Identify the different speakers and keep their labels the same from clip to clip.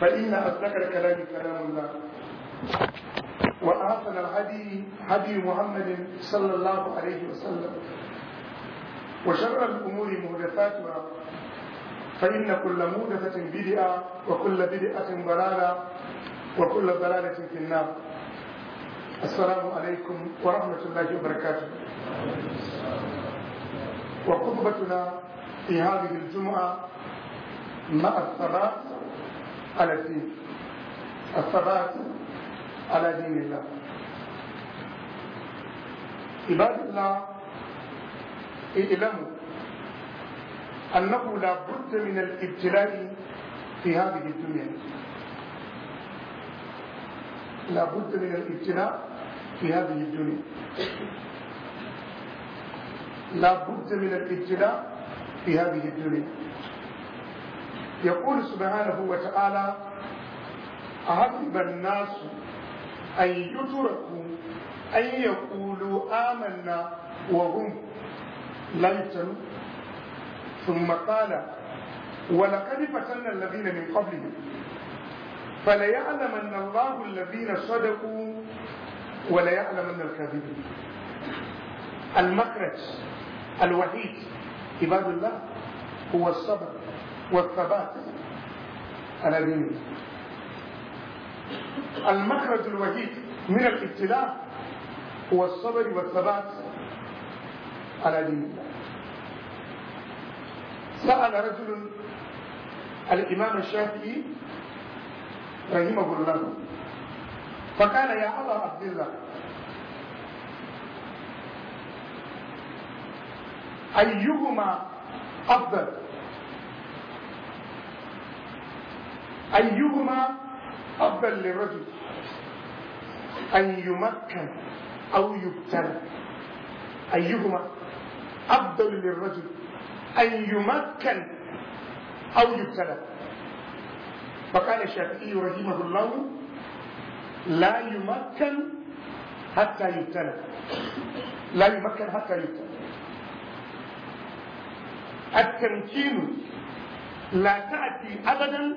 Speaker 1: فإن أصدق الكلام كلام الله وأحسن الهدي هدي محمد صلى الله عليه وسلم وشر الأمور محدثاتها فإن كل محدثة بدعة وكل بدعة ضلالة وكل ضلالة في النار السلام عليكم ورحمة الله وبركاته وخطبتنا في هذه الجمعة مع الثبات على الدين الثبات على دين الله عباد الله اعلموا أنه لا بد من الابتلاء في هذه الدنيا لا بد من الابتلاء في هذه الدنيا لا بد من الابتلاء في هذه الدنيا يقول سبحانه وتعالى أحسب الناس أن يتركوا أن يقولوا آمنا وهم لا يفتنون ثم قال ولقد فتنا الذين من قبلهم فليعلمن الله الذين صدقوا وليعلمن الكاذبين المخرج الوحيد عباد الله هو الصبر والثبات على دينه المخرج الوحيد من الابتلاء هو الصبر والثبات على دين الله سأل رجل الإمام الشافعي رحمه الله فقال يا أبا عبد الله أيهما أفضل أيهما أفضل للرجل أن يمكن أو يبتلى أيهما أفضل للرجل أن يمكن أو يبتلى فقال الشافعي رحمه الله لا يمكن حتى يبتلى لا يمكن حتى يبتلى التمكين لا تأتي أبدا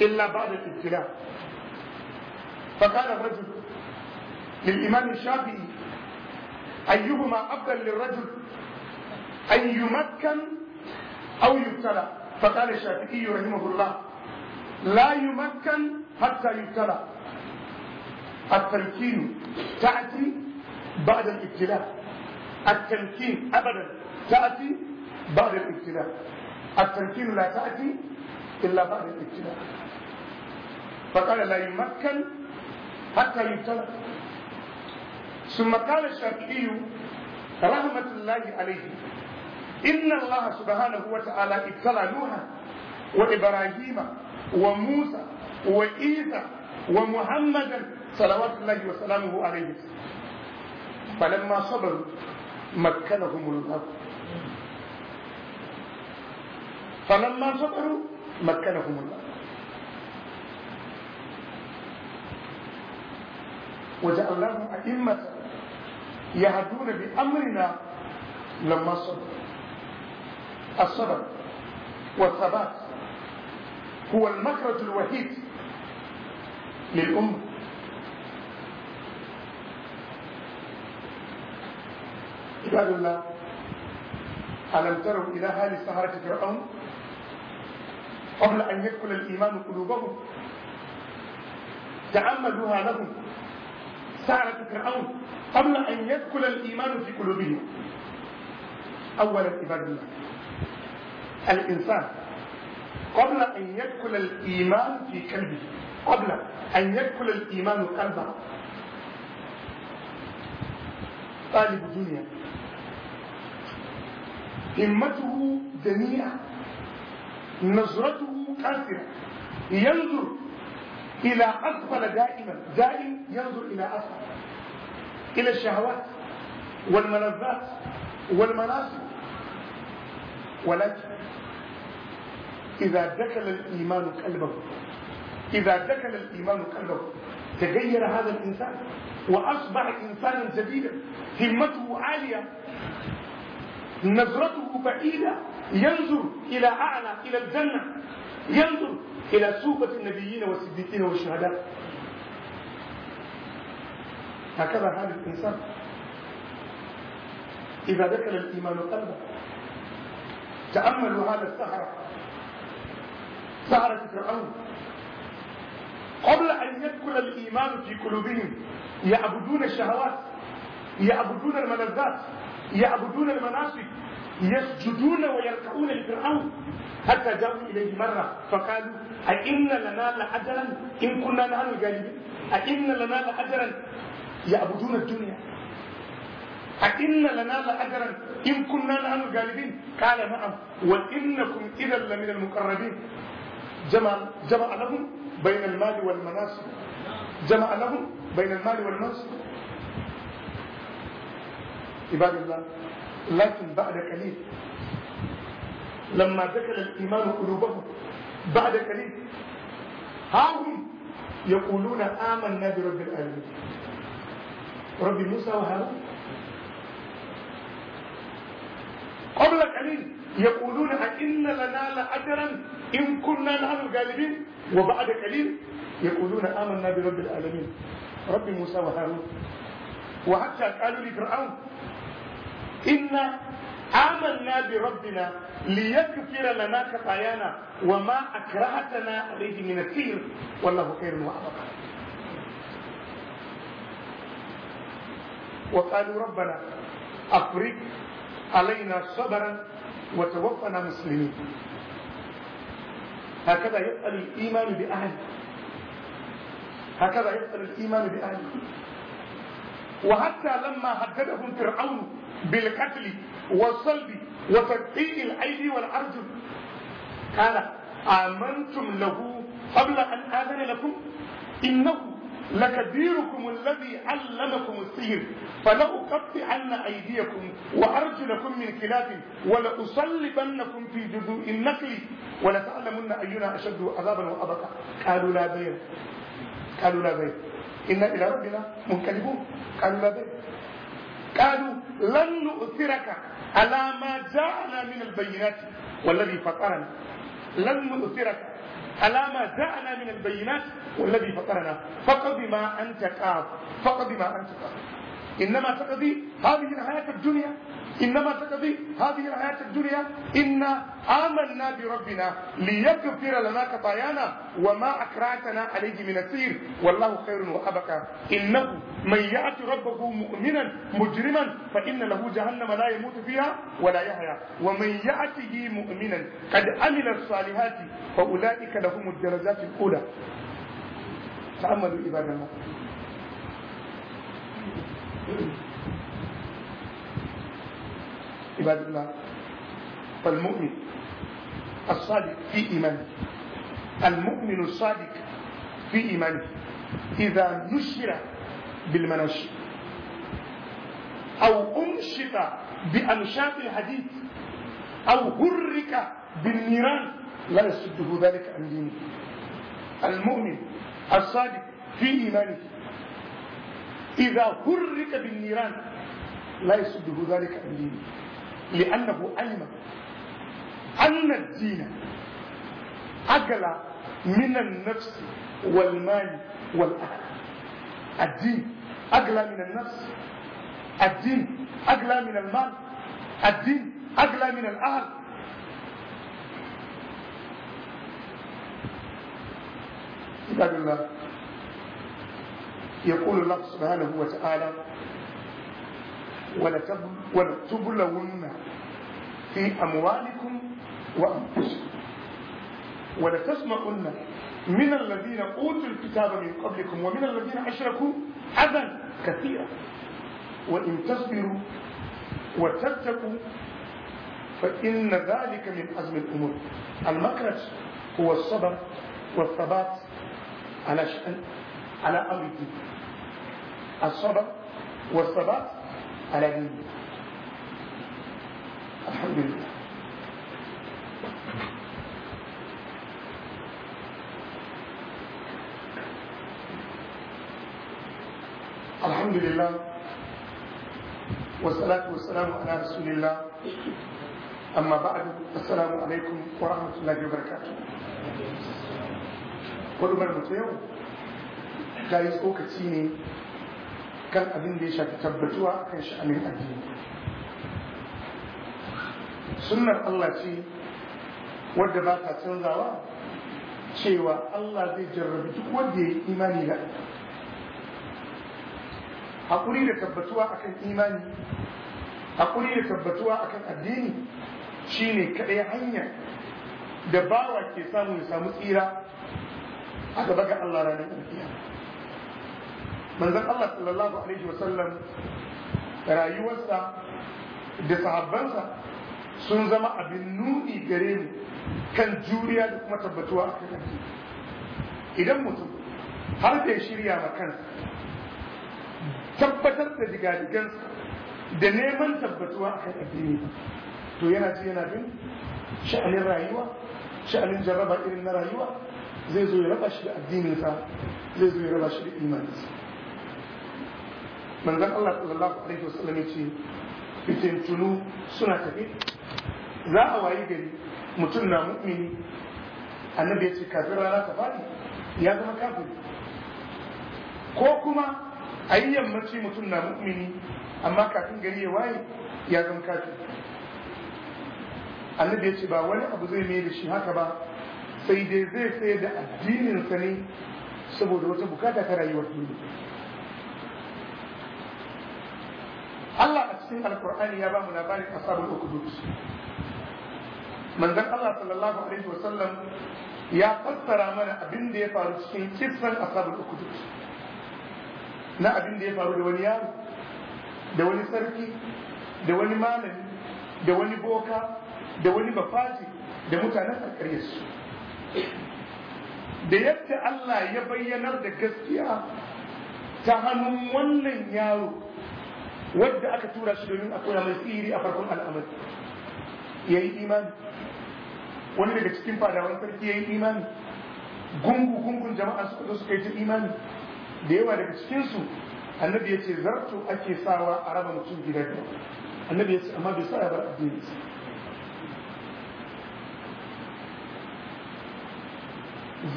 Speaker 1: إلا بعد الابتلاء فقال الرجل للإمام الشافعي أيهما أفضل للرجل أن يمكن أو يبتلى فقال الشافعي رحمه الله لا يمكن حتى يبتلى التمكين تأتي بعد الابتلاء التمكين أبدا تأتي بعد الابتلاء التمكين لا تأتي إلا بعد الابتلاء فقال لا يمكن حتى يبتلى ثم قال الشافعي رحمة الله عليه إن الله سبحانه وتعالى ابتلى نوحا وإبراهيم وموسى وعيسى ومحمدا صلوات الله وسلامه عليه فلما صبروا مكنهم الله فلما صبروا مكنهم الله وجعلناهم أئمة يهدون بأمرنا لما صبروا الصبر والثبات هو المخرج الوحيد للأمة عباد الله ألم تروا إلى حال سهرة فرعون قبل أن يدخل الإيمان قلوبهم تعمدوها لهم سارة فرعون قبل أن يدخل الإيمان في قلوبهم أولا عباد الله الإنسان قبل أن يدخل الإيمان في قلبه قبل أن يدخل الإيمان قلبه طالب دنيا همته دنيئة نظرته كاسرة ينظر إذا أسفل دائما دائم ينظر إلى أسفل إلى الشهوات والملذات والمناصب ولكن إذا دخل الإيمان قلبه إذا دخل الإيمان قلبه تغير هذا الإنسان وأصبح إنسانا جديدا همته عالية نظرته بعيدة ينظر إلى أعلى إلى الجنة ينظر إلى صوفة النبيين والصديقين والشهداء هكذا حال الإنسان إذا ذكر الإيمان قلبه تأملوا هذا السحرة سحرة فرعون قبل أن يدخل الإيمان في قلوبهم يعبدون الشهوات يعبدون الملذات يعبدون المناسك يسجدون ويركعون لفرعون حتى جاءوا إليه مرة فقالوا أئن لنا لأجرا إن كنا نحن الجالبين أئن لنا لأجرا يعبدون الدنيا أئن لنا لأجرا إن كنا نحن الجالبين قال نعم وإنكم إذا لمن المقربين جمع جمع لهم بين المال والمناصب جمع لهم بين المال والمناصب عباد الله لكن بعد قليل لما دخل الإيمان قلوبهم بعد قليل ها هم يقولون آمنا برب العالمين رب موسى وهارون قبل قليل يقولون أئن لنا لأجرا إن كنا نحن الغالبين وبعد قليل يقولون آمنا برب العالمين رب موسى وهارون وحتى قالوا لفرعون إن آمنا بربنا ليغفر لنا خطايانا وما أكرهتنا عليه من السير والله خير وأبقى وقالوا ربنا أفرج علينا صبرا وتوفنا مسلمين هكذا يسأل الإيمان بأهله هكذا يسأل الإيمان بأهله وحتى لما هددهم فرعون بالقتل والصلب وتقطيع الأيدي والأرجل قال آمنتم له قبل أن آذن لكم إنه لكبيركم الذي علمكم السحر فلأقطعن أيديكم وأرجلكم من خلاف ولأصلبنكم في جذوع النخل ولتعلمن أينا أشد عذابا وأبقى قالوا لا بير قالوا لا بير إنا إلى ربنا منكذبون قالوا لا بير قالوا لن نؤثرك على ما جاءنا من البينات والذي فطرنا لن نؤثرك على ما جاءنا من البينات والذي فطرنا فقد ما انت قاض فقد ما انت قاض انما تقضي هذه الحياه الدنيا إنما تقضي هذه الحياة الدنيا إنا آمنا بربنا ليغفر لنا خطايانا وما أكرهتنا عليه من السير والله خير وأبكى إنه من يأتي ربه مؤمنا مجرما فإن له جهنم لا يموت فيها ولا يحيا ومن يأته مؤمنا قد عمل الصالحات فأولئك لهم الدرجات الأولى تأملوا عباد الله عباد الله فالمؤمن الصادق في إيمانه المؤمن الصادق في إيمانه إذا نشر بالمنش أو أنشط بأنشاط الحديث أو هرك بالنيران لا يسده ذلك عن دينه المؤمن الصادق في إيمانه إذا هرك بالنيران لا يسده ذلك عن دينه لأنه علم أن الدين أغلى من النفس والمال والأهل الدين أغلى من النفس الدين أغلى من المال الدين أغلى من الأهل عباد الله يقول الله سبحانه وتعالى ولتبلون في أموالكم وأنفسكم ولتسمعن من الذين أوتوا الكتاب من قبلكم ومن الذين أشركوا أذى كثيرا وإن تصبروا وتتقوا فإن ذلك من أزم الأمور المكرج هو الصبر والثبات على شأن على أمر الدين الصبر والثبات على دين الحمد لله الحمد لله والصلاة والسلام على رسول الله أما بعد السلام عليكم ورحمة الله وبركاته كل من متيوم لا يسوك تيني akan abin da ya shafi tabbatuwa akan sha'anin addini sunnar Allah ce wadda ba ta canzawa cewa Allah zai jarrabi duk wanda ya imani da Hakuri da tabbatuwa akan imani haƙuri da tabbatuwa akan addini shine kaɗai hanya da bawa ke samu ya samu tsira a gaba ga Allah ranar alkiyama manzan Allah sallallahu alaihi wasallam rayuwarsa da sahabbansa sun zama abin nuni gare mu kan juriya da kuma tabbatuwa a kan idan mutum har bai shirya ma kansa tabbatar da digadigansa da neman tabbatuwa a kan addini to yana ci yana bin sha'anin rayuwa sha'anin jarraba irin na rayuwa zai zo ya raba shi da addininsa zai zo ya raba shi da imaninsa manzan Allah sallallahu alaihi wasallam yace tunu suna tafi za a wayi gari mutum na mu'mini annabi yace kafin rana ta fadi ya zama kafin ko kuma a yi yammaci mutum na mu'mini amma kafin gari ya waye ya zama kafin. annabi yace ba wani abu zai mai da shi haka ba sai dai zai sayar da addininsa ne saboda wata bukata ta rayuwar duniya cikin alkur'ani ya ba mu labarin ashabul ukhdud manzon Allah sallallahu alaihi wasallam ya fassara mana abin da ya faru cikin kisan ashabul ukhdud na abin da ya faru da wani yaro da wani sarki da wani malami da wani boka da wani bafaji da mutanen alƙarya su da yadda Allah ya bayyanar da gaskiya ta hannun wannan yaro wadda aka tura shi domin a koya mai tsiri a farkon al'amari ya yi imani wani daga cikin fadawan sarki ya yi imani gungu gungun jama'a suka zo suka yi ta imani da yawa daga cikinsu annabi ya ce zarto ake sawa a raba mutum gida da annabi ya ce amma bai sa ya bar addini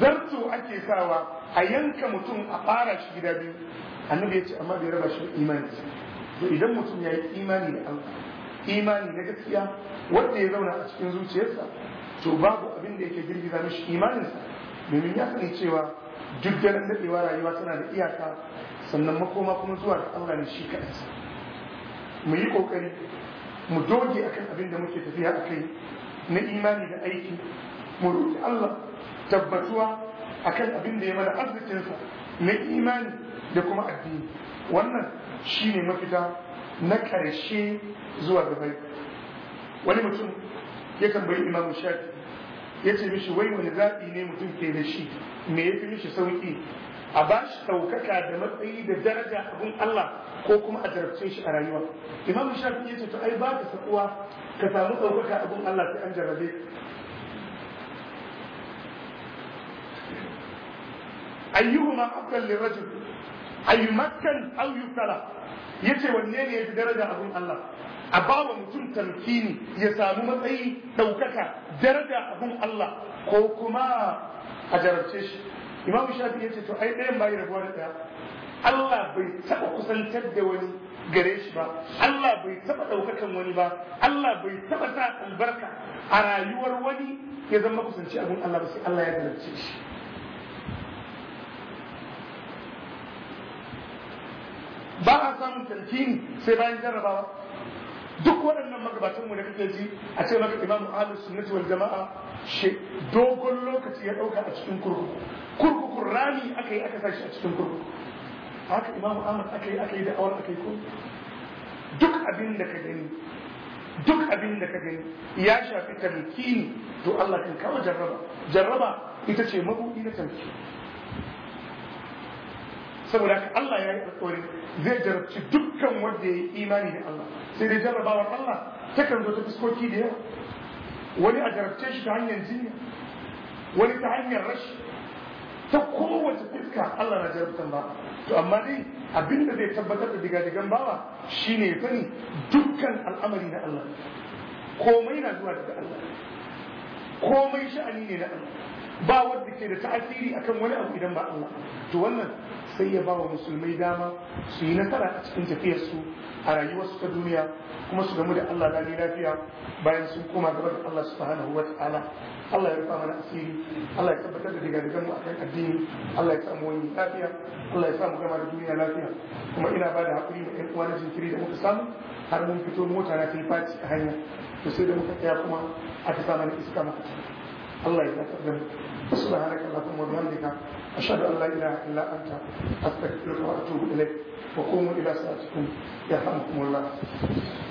Speaker 1: zarto ake sawa a yanka mutum a fara shi gida biyu annabi ya ce amma bai raba shi imani to idan mutum ya yi imani da Allah imani na gaskiya wanda ya zauna a cikin zuciyarsa to babu abin da yake girgiza mishi imaninsa domin ya sani cewa duk daren daɗewa rayuwa tana da iyaka sannan makoma kuma zuwa da Allah ne shi kaɗansa mu yi ƙoƙari mu doge akan abin da muke tafiya a kai na imani da aiki mu roƙi Allah tabbatuwa akan abin da ya mana arzikinsa na imani da kuma addini wannan shine mafita na karshe zuwa gabai wani mutum yakan bai imamu shafi ya ce mishi wai wani zaɓi ne mutum ke da shi me ya fi mishi sauƙi a ba shi ɗaukaka da matsayi da daraja abin Allah ko kuma a jarabce shi a rayuwa imam shafi ya ce to ai ba ka sakuwa ka samu ɗaukaka abin Allah sai an jarabe ايهما افضل للرجل اي مكن او يترى يتي ونين يتي درجة ابو الله اباو متن تمكين يسامو متعي دوكك درجة ابو الله قوكما اجرتش امام الشافعي يتي تو اي ايه ما يرغوان ايه الله بي تبا قسن تد وني غريش با الله بي تبا دوكك وني با الله بي تبا ساق البركة ارايوار وني يزم قسن تي ابو الله بس الله يجرتش ba a samun tarkini sai bayan jarrabawa duk waɗannan magabatan mu da kake ji a ce maka imamu ahlus sunnati wal jama'a she dogon lokaci ya ɗauka a cikin kurkuku kurkukun rami aka yi aka sashi a cikin kurkuku haka imamu ahmad aka yi aka yi da awar aka yi kurkuku duk abin da ka gani duk abin da ka gani ya shafi tarkini to Allah kan kawo jarraba jarraba ita ce mabuɗi na tarkini saboda haka Allah ya yi alƙawari zai jarabci dukkan wanda ya yi imani da Allah sai dai jarrabawar Allah takan zo ta fuskoki da yawa wani a jarabce shi ta hanyar jinya wani ta hanyar rashi ta kowace fuska Allah na jarabtan ba to amma dai abin da zai tabbatar da diga-digan bawa shine ya sani dukkan al'amari na Allah komai na zuwa daga Allah komai sha'ani ne na Allah ba wanda ke da ta'asiri akan wani abu idan ba Allah to wannan sai ya ba wa musulmai dama su yi nasara a cikin tafiyarsu a rayuwarsu ta duniya kuma su gamu da Allah da lafiya bayan sun koma gaba da Allah subhanahu wa ta'ala Allah ya rufa mana asiri Allah ya tabbatar da daga mu akan addini Allah ya samu wani lafiya Allah ya samu gama da duniya lafiya kuma ina ba da hakuri ma 'yan uwa na jinkiri da muka samu har mun fito mota na kai faci a hanya to sai da muka tsaya kuma aka sa mana iska maka Allah ya tabbatar da سبحانك اللهم وبحمدك أشهد أن لا إله إلا أنت أستغفرك وأتوب إليك وقوموا إلى صلاتكم يرحمكم الله